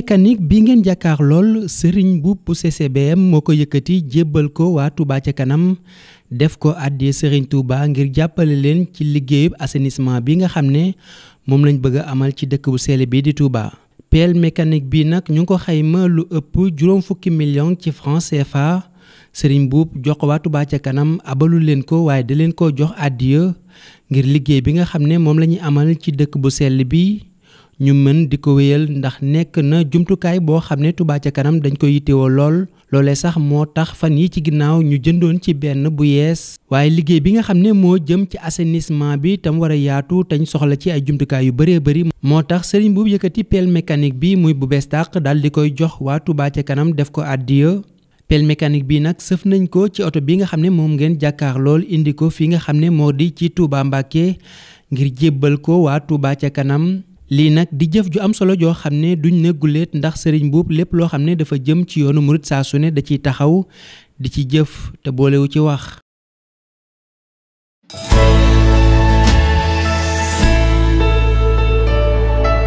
mécanique bi ngeen jàkkaar lool Serigne Mboup bu CCBM moo ko yëkkati jébbal ko waa Touba ca kanam def ko àddee Serigne Touba ngir jàppale leen ci liggéeyub assainissement bi nga xam ne moom lañ bëgg a amal ci dëkk bu sell bi di Touba. pelle mécanique bi nag ñu ngi ko xayma lu ëpp juróom fukki million ci français fa Serigne Mboup jox ko waa Touba ca kanam abalu leen ko waaye da leen koo jox àddiya ngir liggéey bi nga xam ne moom la amal ci dëkk bu sell bi. ñu mën di ko wéyal ndax nekk na jumtukaay boo xam ne Touba ca kanam dañ ko yittewoo lool loolee sax moo tax fan yi ci ginnaaw ñu jëndoon ci benn bu yees waaye liggéey bi nga xam ne moo jëm ci assainissement bi tam war a yaatu tañ soxla ci ay jumtukaay yu bëree bari moo tax sëriñ bu yëkkati pelle mécanique bi muy bu bees tàq daal di koy jox waa Touba ca kanam def ko àddiya pel mécanique bi nag sëf nañ ko ci oto bi nga xam ne moom ngeen jàkkaar lool indi ko fi nga xam ne moo di ci Touba ngir jébbal ko waa ca kanam lii nag di jëf ju am solo joo xam ne duñ ne guleet ndax sëriñ buub lépp loo xam ne dafa jëm ci yoonu murit saa su ne da ciy taxaw di ci jëf te boolewu ci wax